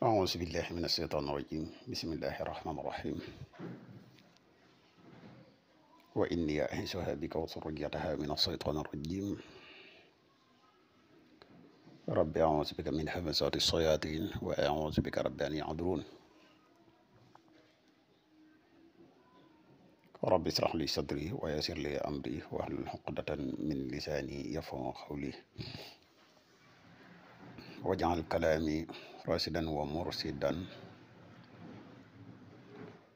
أعوذ بالله من الشيطان الرجيم بسم الله الرحمن الرحيم وإني أعيشها بك وذريتها من الشيطان الرجيم ربي أعوذ بك من همزات الشياطين وأعوذ بك ربي أن يعذرون رب اشرح لي صدري ويسر لي أمري واحلل عقدة من لساني يفهم قولي وجعل كلامي راشدا ومرشدا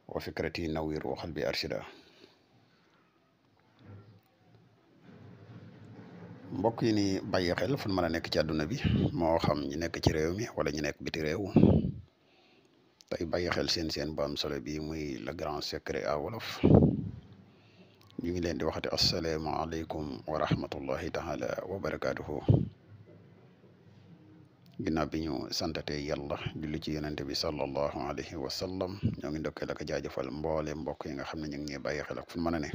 وفكرتي نوير وقلبي ارشدا مبوكي ني باي خيل فن مانا نيك تي ادنا بي مو ني نيك تي مي ولا ني نيك بيتي ريو تاي باي خيل سين سين بام سولو بي موي لا غران سيكري ا لين دي واخاتي السلام عليكم ورحمه الله تعالى وبركاته ginnaaw biñu santate yalla julli ci yonente bi sallallahu alaihi wa sallam ñoo ngi ndokkel ak jaajeufal mboole mbokk yi nga xamne ne ñu ngi baye xel ak fu mëna a ne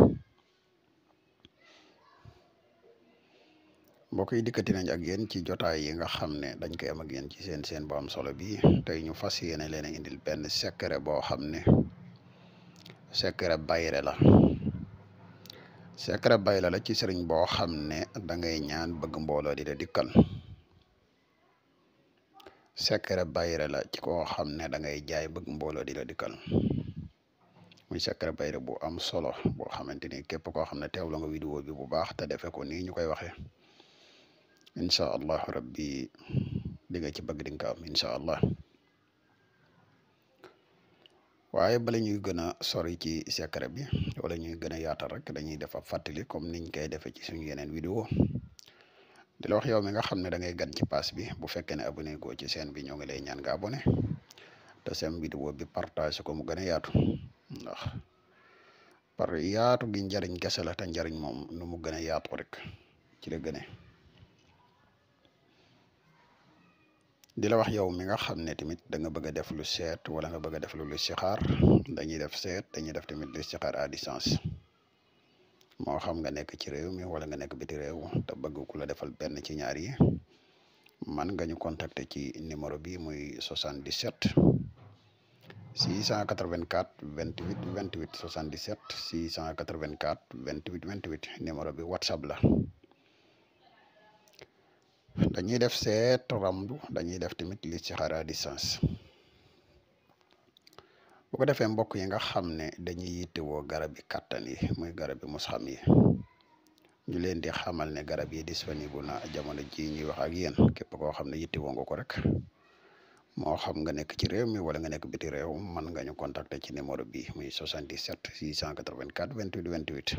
mbokk yi dikati nañ ak yeen ci jotaay yi nga xamne dañ koy am ak yeen ci seen seen baam solo bi tay ñu fas leen indil ben secret bo xamne secret bayre la secret bayre la ci sëriñ bo xamne da ngay ñaan bëgg di la dikkal sakara bayra la ci ko xamne da ngay jaay bëgg mbolo di la dikal muy sakara bayra bu am solo bo xamanteni ni ko xamne tewlo nga vidéo bi bu baax ta defé ko ni ñukay waxé insha allah rabbi di nga ci bëgg di nga am insha allah waye bala ñuy gëna sori ci secret bi wala ñuy gëna a yaatal rek dañuy def ab fàttali comme niñ koy ci suñu yenen di la wax yow mi nga xamne da ngay gan ci paas bi bu fekke ne abonné go ci chaîne bi ñoo ngi lay ñaan nga abonné te sem vidéo bi partage ko mu gëna yaatu ndax par yaatu gi njariñ kese la te njariñ moom nu mu gëna yaatu rek ci la gëne di la wax yow mi nga xamne timit da nga bëgg def lu sét wala nga bëgg def lu listixaar dañuy def sét dañuy def lu à distance mo xam nga nek ci rew mi wala nga nek biti rew ta bëgg ku la defal ben ci ñaar yi man nga ñu contacter ci numéro bi muy 77 684 28 28 77 684 28 28 numéro bi whatsapp la dañuy def set ramdu dañuy def timit li ci xara distance buko defé mbokk yi nga xamné ne dañuy yittewoo garab yi kattan yi muy garab yi musxam yi ñu leen di xamal né garab yi disponible na jamono ji ñi wax ak yeen képp ko xamné yitté wo nga ko rek mo xam nga nek ci réew mi wala nga nek biti réew man nga ñu contacté ci numéro bi muy 77 684 28 28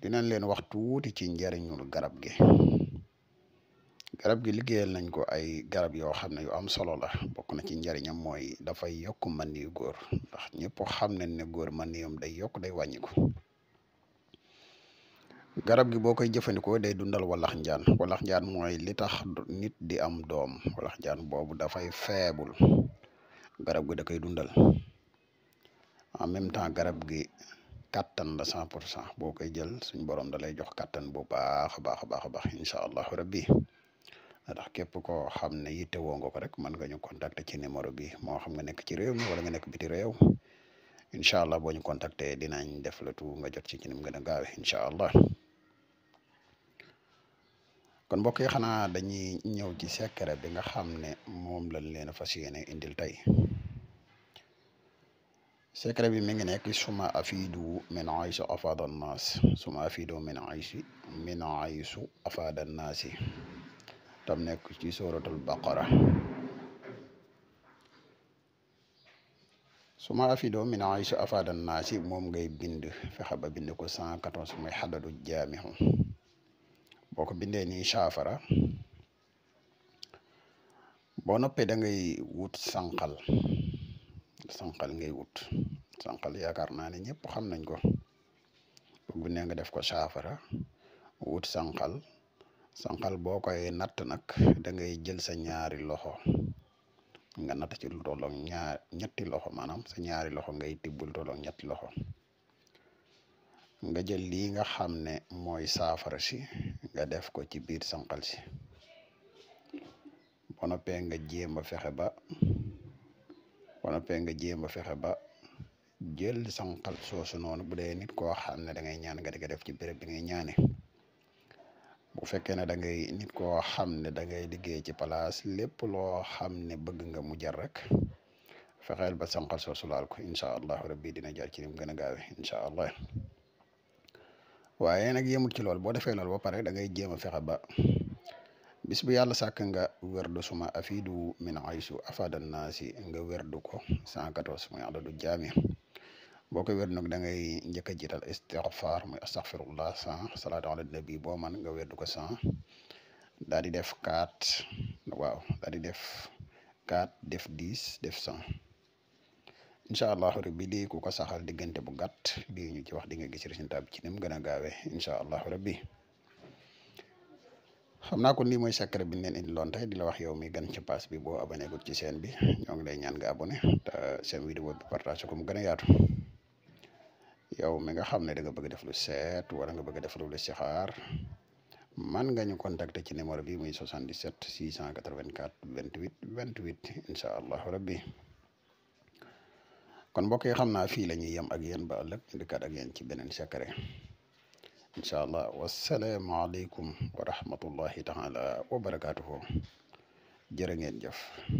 dinañ leen wax tuuti ci njariñul garab gi garab gi liggéeyal nañ ko ay garab yoo xam ne yu am solo la bokk na ci njariñam mooy dafay yokk mën yu góor ndax ñëpp xam nañ ne góor mën yom day yokk day wàññiku garab gi boo koy jëfandikoo day dundal walax njaan walax njaan mooy li tax nit di am doom wallax njaan boobu dafay feebul garab gi da koy dundal en même temps garab gi kattan la cent pour cent boo koy jël suñ borom dalay jox kattan bu baax a baax a baax a baax incha allahu rabbi ndax képp koo xam ne yittewoo nga ko rek mën nga ñu contacter ci numéro bi moo xam nga nekk ci réew mi wala nga nekk biti réew incha allah boo ñu contacter dinañ def la tout nga jot ci ci mu gën a gaawee incha mbokk yi xanaa dañuy ñëw ci secret bi nga xam ne moom lañ leen a fas yéene indil tey secret bi mi ngi nekk suma afidu min aysu afada annaas suma afidu min aysu min aysu afada tam nek ci suratul baqara suma afido min aisha afadan nasi mom ngay bind fexe ba bind ko 114 quatorze hadadu xadadu boko binde ni shafara bo noppé sangkal. da ngay wut sankal sankal ngay wut sankal yaakaar na ni ñepp xam nañ ko bu ne nga def ko shafara wut sankal sanqal boo koy natt nag da ngay jël sa ñaari loxo nga natt ci lu tolloog loxo maanaam sa ñaari loxo ngay tibb lu tolloog ñetti loxo nga jël lii nga xam ne mooy saafara si nga def ko ci biir sanqal si ba noppee nga jéem a fexe ba ba noppee nga jéem a fexe ba jël sanqal soosu noonu bu dee nit ko xam ne da ngay ñaan nga di ko def ci béréb bi ngay ñaane bu fekkee ne da ngay nit koo xam ne da ngay liggéey ci place lépp loo xam ne bëgg nga mu jar rek fexeel ba sànqal soosu laal ko incha allah rabbi dina jar ci nim gën a gaawe incha allah waaye nag yemul ci lool boo defee lool ba pare da ngay jéem a fexe ba bis bu yàlla sàkk nga werdu suma afidu min aysu afada nasi nga werdu ko 114 muy adadu jaami boo koy wér da ngay njëkk jital istighfar muy astaghfirullah cent salatu ala nabi bo man nga weddu ko cent daal di def 4 waaw daal di def 4 def 10 def 100 inshallah rabbi li ku ko saxal diggante bu gatt li ñu ci wax di nga gis resultat ci nim gëna gaawé inshallah rabbi xamna ko ni moy mooy secret bi ñu indi lon tay di la wax yow mi gën ci pass bi bo abonné gul ci chaîne bi ñong lay ñaan nga abonné te seen vidéo bi partage ko mu gëna yaatu yow mi nga xam ne da nga bëgg def lu seet wala nga bëgg def lu listixaar man nga ñu contacter ci numéro bi muy 77 684 28 28 incha allahu rabbi kon mbokk yi xam naa fii la ñuy yem ak yéen ba ëllëg dikkaat ak yéen ci beneen secret incha allah wasalaamu aleykum wa rahmatullahi taala wa barakaatuhu jërë ngeen jëf